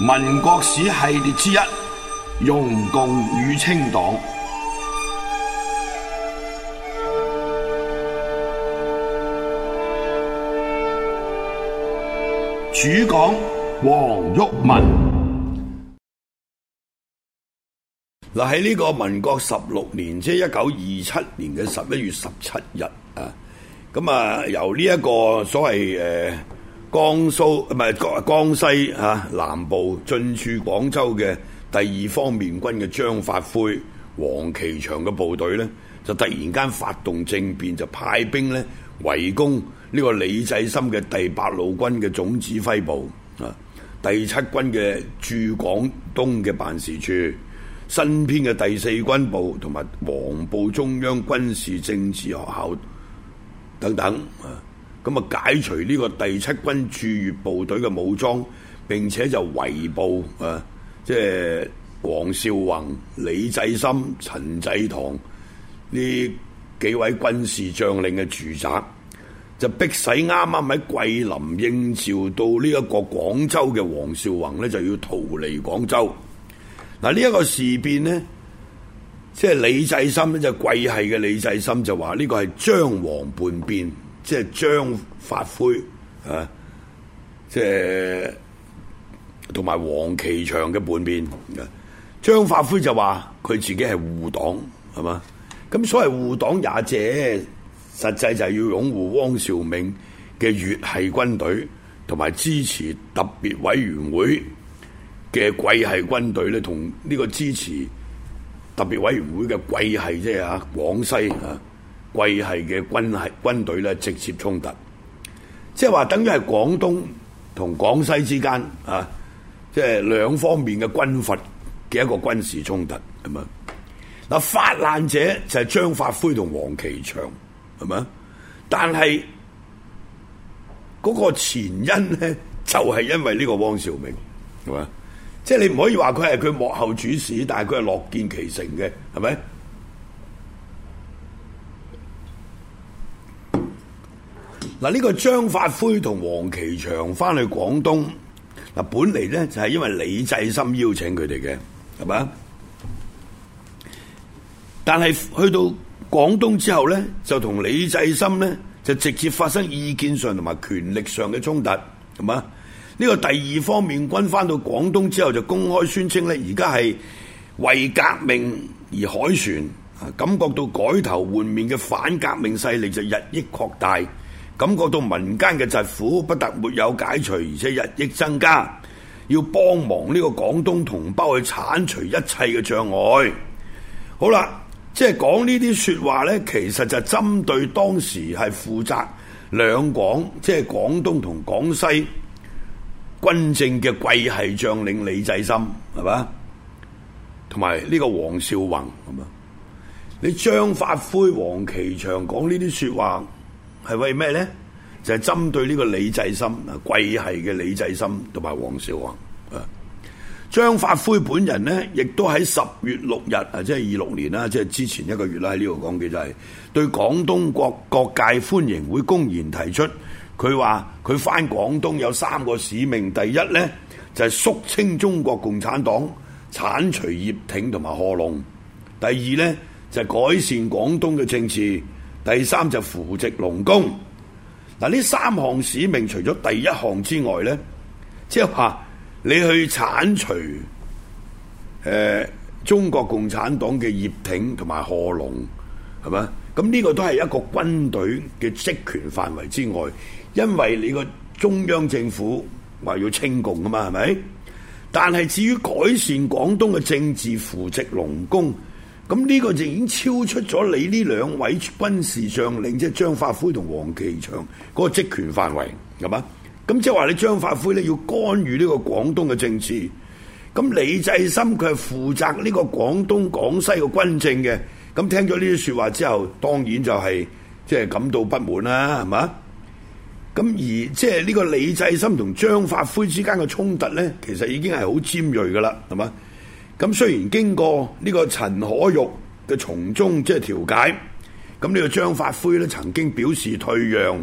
民國史系列之一，容共與清黨，主講黃毓民。嗱，喺呢個民國十六年，即係一九二七年嘅十一月十七日啊，咁啊由呢、這、一個所謂誒。呃江蘇唔係江江西嚇、啊、南部進駐廣州嘅第二方面軍嘅張發奎、黃琪翔嘅部隊呢，就突然間發動政變，就派兵呢圍攻呢個李濟深嘅第八路軍嘅總指揮部啊，第七軍嘅駐廣東嘅辦事處、新編嘅第四軍部同埋黃埔中央軍事政治學校等等啊。咁啊！解除呢個第七軍駐粵部隊嘅武裝，並且就圍捕啊！即係黃紹宏、李濟深、陳濟棠呢幾位軍事將領嘅住宅，就逼使啱啱喺桂林應召到呢一個廣州嘅黃紹宏咧，就要逃離廣州。嗱、啊，呢、呢、一個事變呢，即係李濟深咧就是、桂系嘅李濟深就話呢、呢個係張黃叛變。即係張發奎啊，即係同埋黃琪翔嘅叛變。張發奎就話佢自己係護黨，係嘛？咁所謂護黨也者，實際就係要擁護汪兆銘嘅粵系軍隊，同埋支持特別委員會嘅桂系軍隊咧，同呢個支持特別委員會嘅桂系即係啊廣西啊。桂系嘅軍系軍隊咧，直接衝突，即係話等於系廣東同廣西之間啊，即係兩方面嘅軍閥嘅一個軍事衝突係嘛？嗱，發難者就係張發奎同黃琪翔係嘛？但係嗰個前因咧，就係因為呢個汪兆銘系嘛？即係你唔可以話佢係佢幕後主使，但係佢係樂見其成嘅，係咪？嗱，呢個張發奎同黃琪翔翻去廣東嗱，本嚟咧就係因為李濟深邀請佢哋嘅，係嘛？但係去到廣東之後咧，就同李濟深咧就直接發生意見上同埋權力上嘅衝突，係嘛？呢、這個第二方面軍翻到廣東之後，就公開宣稱咧，而家係為革命而凱旋，感覺到改頭換面嘅反革命勢力就日益擴大。感覺到民間嘅疾苦不但沒有解除，而且日益增加，要幫忙呢個廣東同胞去鏟除一切嘅障礙。好啦，即係講呢啲說話呢，其實就針對當時係負責兩廣，即係廣東同廣西軍政嘅桂系將領李濟深，係嘛？同埋呢個黃紹竑咁啊，你張發奎黃琪翔講呢啲說話。係為咩呢？就是、針係針對呢個李濟深啊，桂系嘅李濟深同埋黃紹竑啊，張發奎本人呢，亦都喺十月六日啊，即係二六年啦，即係之前一個月啦，喺呢度講嘅就係、是、對廣東各各界歡迎會公然提出，佢話佢翻廣東有三個使命，第一呢，就係、是、肅清中國共產黨、鏟除葉挺同埋賀龍，第二呢，就是、改善廣東嘅政治。第三就是、扶植農工，嗱呢三項使命除咗第一項之外呢，即係話你去剷除誒、呃、中國共產黨嘅葉挺同埋賀龍，係嘛？咁呢、呢個都係一個軍隊嘅職權範圍之外，因為你個中央政府話要清共啊嘛，係咪？但係至於改善廣東嘅政治，扶植農工。咁呢個就已經超出咗你呢兩位軍事將領，即係張發奎同黃琪翔嗰個職權範圍，係嘛？咁即係話你張發奎咧要干預呢個廣東嘅政治，咁李濟深佢係負責呢個廣東廣西嘅軍政嘅，咁聽咗呢啲説話之後，當然就係即係感到不滿啦，係嘛？咁而即係呢個李濟深同張發奎之間嘅衝突咧，其實已經係好尖鋭噶啦，係嘛？咁雖然經過呢個陳可鈺嘅從中即係調解，咁呢個張發奎咧曾經表示退讓，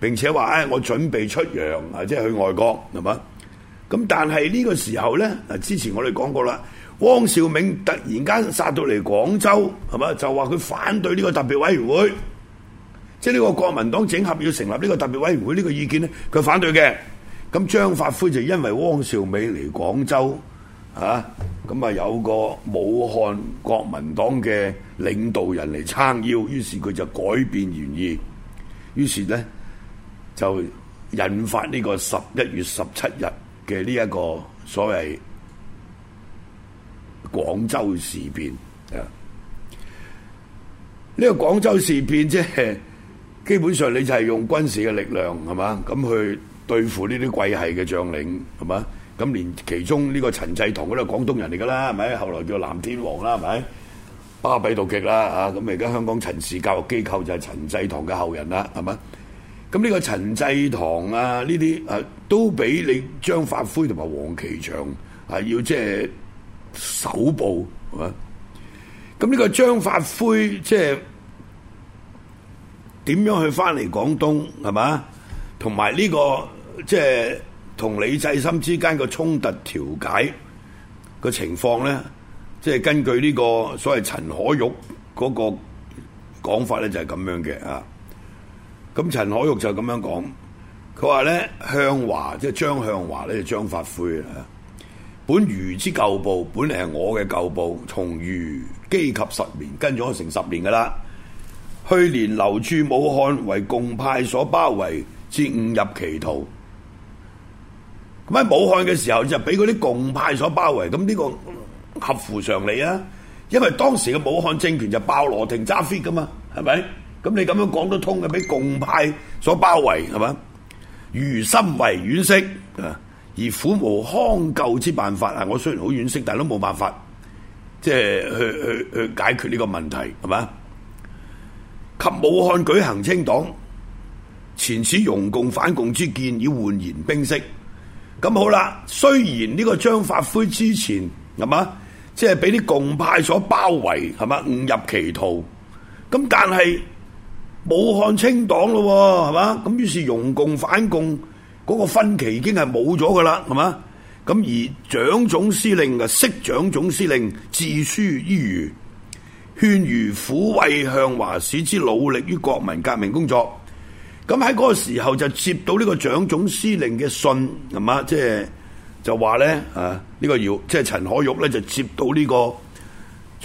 並且話，誒、哎，我準備出洋啊，即係去外國，係嘛？咁但係呢個時候咧，之前我哋講過啦，汪兆銘突然間殺到嚟廣州，係嘛？就話佢反對呢個特別委員會，即係呢個國民黨整合要成立呢個特別委員會呢個意見咧，佢反對嘅。咁張發奎就因為汪兆銘嚟廣州。啊！咁啊，有個武漢國民黨嘅領導人嚟撐腰，於是佢就改變原意，於是咧就引發呢個十一月十七日嘅呢一個所謂廣州事變啊！呢個廣州事變即係基本上你就係用軍事嘅力量係嘛，咁去對付呢啲桂系嘅將領係嘛。咁連其中呢個陳濟棠嗰啲廣東人嚟噶啦，係咪？後來叫南天王啦，係咪？巴、啊、比杜極啦，嚇、啊！咁而家香港陳氏教育機構就係陳濟棠嘅後人啦，係咪？咁呢個陳濟棠啊，呢啲誒都俾你張發奎同埋黃琪翔啊，要即係首報，係嘛？咁呢個張發奎，即係點樣去翻嚟廣東，係嘛？同埋呢個即係。同李濟深之間嘅衝突調解嘅情況咧，即係根據呢個所謂陳可玉嗰個講法咧，就係咁樣嘅啊。咁陳可玉就咁樣講，佢話咧向華即係張向華咧，就張發輝啊。本余之舊部，本嚟係我嘅舊部，從余基及十年跟咗成十年噶啦。去年留駐武漢，為共派所包圍，至誤入歧途。喺武漢嘅時候就俾嗰啲共派所包圍，咁呢個合乎常理啊！因為當時嘅武漢政權就鮑羅廷揸 fit 噶嘛，係咪？咁你咁樣講得通嘅，俾共派所包圍係嘛？如心為惋惜啊，而苦無康救之辦法啊！我雖然好惋惜，但係都冇辦法，即係去去去解決呢個問題係嘛？及武漢舉行清黨，前此容共反共之見已渙然冰釋。咁好啦，雖然呢個張發奎之前係嘛，即係俾啲共派所包圍係嘛，誤入歧途，咁但係武漢清黨咯喎係嘛，咁於是容共反共嗰個分歧已經係冇咗噶啦係嘛，咁而蔣總司令啊釋蔣總司令自書於懸，勸喻撫慰向華使之努力於國民革命工作。咁喺嗰個時候就接到呢個蔣總司令嘅信，係嘛？即係就話、是、咧啊，呢、這個要即係、就是、陳可鈺咧就接到呢個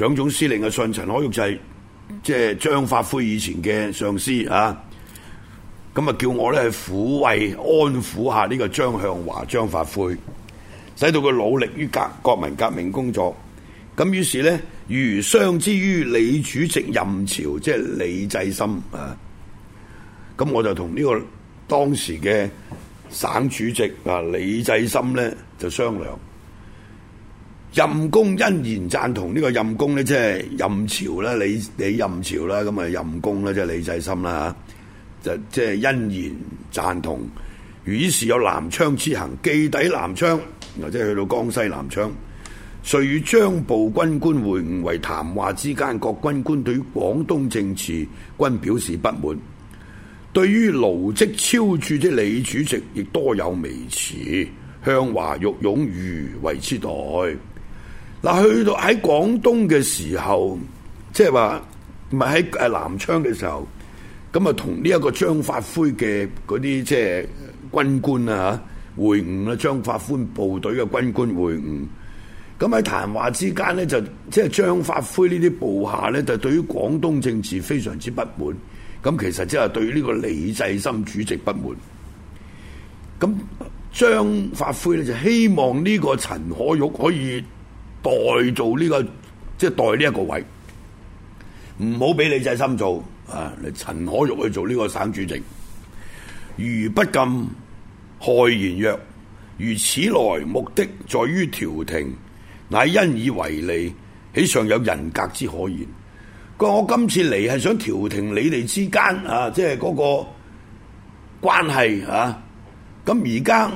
蔣總司令嘅信，陳可鈺就係即係張發奎以前嘅上司啊。咁啊，叫我咧去撫慰、安撫下呢個張向華、張發奎，使到佢努力於革國民革命工作。咁於是咧，如相之於李主席任潮，即、就、係、是、李濟深啊。咁我就同呢個當時嘅省主席啊李濟深呢就商量，任公欣然贊同，呢個任公呢，即係任潮啦，李李任潮啦，咁啊任公咧，即係李濟深啦嚇，就即係欣然贊同。於是有南昌之行，既抵南昌，嗱即係去到江西南昌，遂與將部軍官會晤，為談話之間，各軍官對於廣東政治均表示不滿。對於勞績超著的李主席，亦多有微詞，向華欲擁汪為之代。嗱，去到喺廣東嘅時候，即係話唔係喺誒南昌嘅時候，咁啊同呢一個張發輝嘅嗰啲即係軍官啊吓會晤啊、張發輝部隊嘅軍官會晤。咁喺談話之間咧，就即係張發輝呢啲部下咧，就對於廣東政治非常之不滿。咁其實即係對呢個李濟深主席不滿，咁張發奎咧就希望呢個陳可玉可以代做呢、這個，即、就、係、是、代呢一個位，唔好俾李濟深做，啊，陳可玉去做呢個省主席。如不禁。害言曰，如此來目的在於調停，乃因以為利，豈尚有人格之可言？佢話我今次嚟係想調停你哋之間啊，即係嗰個關係啊。咁而家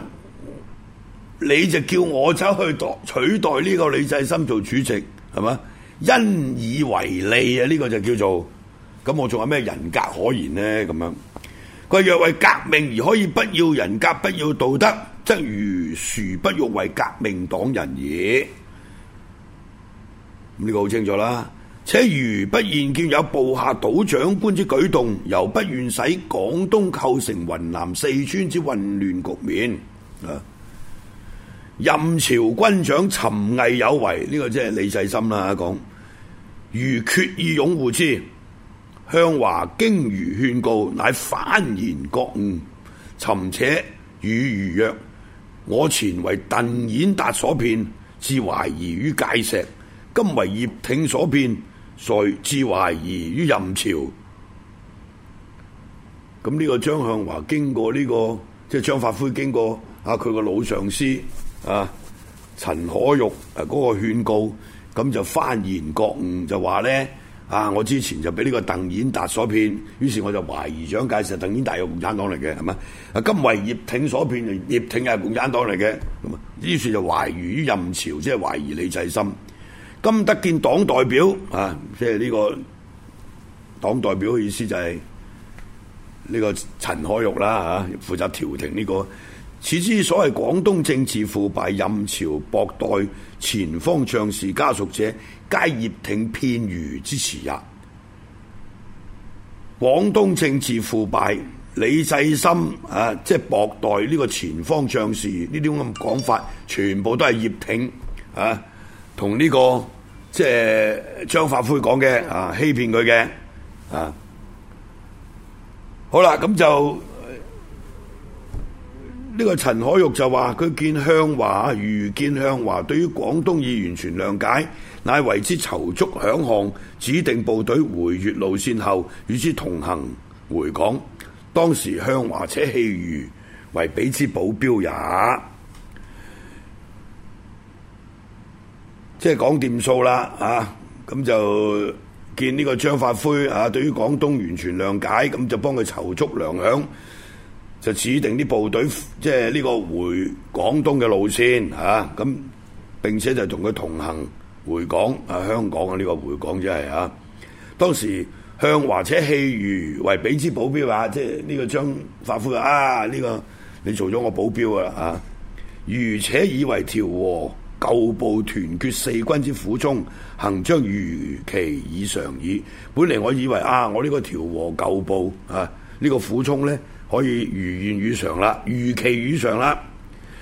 你就叫我走去代取代呢個李濟深做主席係嘛？因以為利啊，呢個就叫做咁。我仲有咩人格可言呢？咁樣佢若為革命而可以不要人格、不要道德，則如殊不欲為革命黨人矣。咁、嗯、呢個好清楚啦。且如不願見有部下倒長官之舉動，又不願使廣東構成雲南、四川之混亂局面。啊！任潮軍長沉毅有為，呢、這個真係李濟深啦。講如決意擁護之，向華經如勸告，乃反言覺悟。尋且語如曰：我前為鄧演達所騙，至懷疑於介石，今為葉挺所騙。遂置懷疑於任潮，咁呢個張向華經過呢、呢個即係張發奎經過啊，佢個老上司啊，陳可鈺啊嗰個勸告，咁就幡然覺悟，就話咧啊，我之前就俾呢個鄧演達所騙，於是我就懷疑蔣介石鄧演達係共產黨嚟嘅，係咪啊？今為葉挺所騙，葉挺係共產黨嚟嘅，咁啊於是就懷疑於任潮，即係懷疑李濟深。金德建黨代表啊，即係呢、這個黨代表嘅意思就係呢個陳海玉啦嚇、啊，負責調停呢、這個。此之所謂廣東政治腐敗，任朝薄待前方將士家屬者，皆葉挺騙余之詞也。廣東政治腐敗，李濟深，啊，即係薄待呢個前方將士呢啲咁嘅講法，全部都係葉挺啊。同呢、這個即係張發奎講嘅啊，欺騙佢嘅啊，好啦，咁就呢、這個陳可玉就話佢見向華，遇見向華，對於廣東已完全諒解，乃為之籌足餉項，指定部隊回粵路線後，與之同行回港。當時向華且氣如為彼此保鏢也。即係講掂數啦，嚇、啊、咁就見呢個張發奎嚇，對於廣東完全諒解，咁就幫佢籌足糧餉，就指定啲部隊即係呢個回廣東嘅路線嚇，咁、啊、並且就同佢同行回港啊香港啊，呢、呢個回港即係嚇。當時向華且棄如為俾支保鏢啊，即係呢個張發奎，啊呢、呢個你做咗我保鏢啊嚇，餘且以為調和。舊部團結四軍之苦衷，行將如期以償矣。本嚟我以為啊，我呢個調和舊部啊，呢、這個苦衷呢，可以如願以償啦，如期以償啦。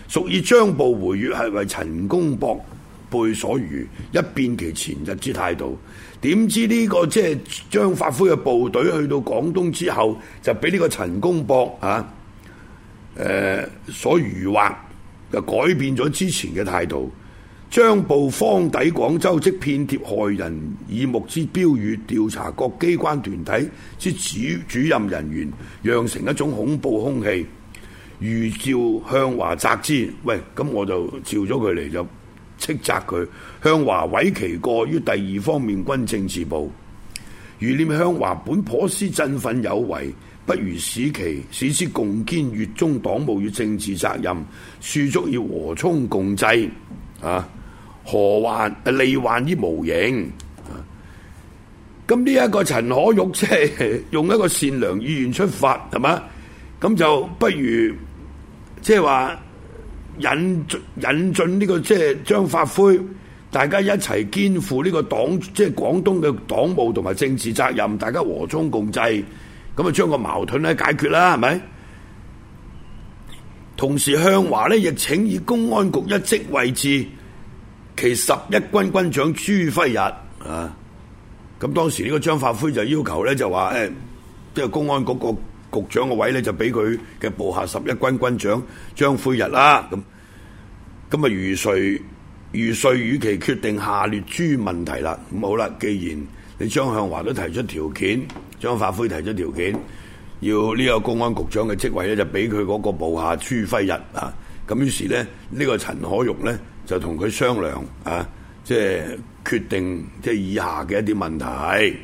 屬於張部回粵係為陳公博背所馀，一變其前日之態度。點知呢、這個即係張發奎嘅部隊去到廣東之後，就俾呢個陳公博啊，誒、呃、所馀話就改變咗之前嘅態度。將部方抵廣州，即遍貼害人耳目之標語，調查各機關團體之主主任人員，釀成一種恐怖空氣。予召向華責之，喂，咁我就召咗佢嚟，就斥責佢。向華委其過於第二方面軍政治部，如念向華本頗思振奮有為，不如使其使之共建粵中黨務與政治責任，樹足以和衷共濟。啊，何患啊？利患於無形。咁呢一個陳可鈺，即係用一個善良意願出發，係嘛？咁就不如即係話引引進呢個即係張發奎，大家一齊肩負呢個黨，即係廣東嘅黨務同埋政治責任，大家和衷共濟，咁啊將個矛盾咧解決啦，係咪？同時向華呢亦請以公安局一職位置。其十一軍軍長朱暉日啊，咁當時呢個張發奎就要求呢，就話誒，即、哎、係、就是、公安局個局，局長個位呢，就俾佢嘅部下十一軍軍長張輝日啦。咁咁啊，嗯、如遂如遂，與其決定下列諸問題啦。咁、啊嗯、好啦，既然你張向華都提出條件，張發奎提出條件，要呢個公安局長嘅職位呢，就俾佢嗰個部下朱暉日啊。咁於是呢，呢、這個陳可玉呢。呢就同佢商量啊，即係決定即係以下嘅一啲問題。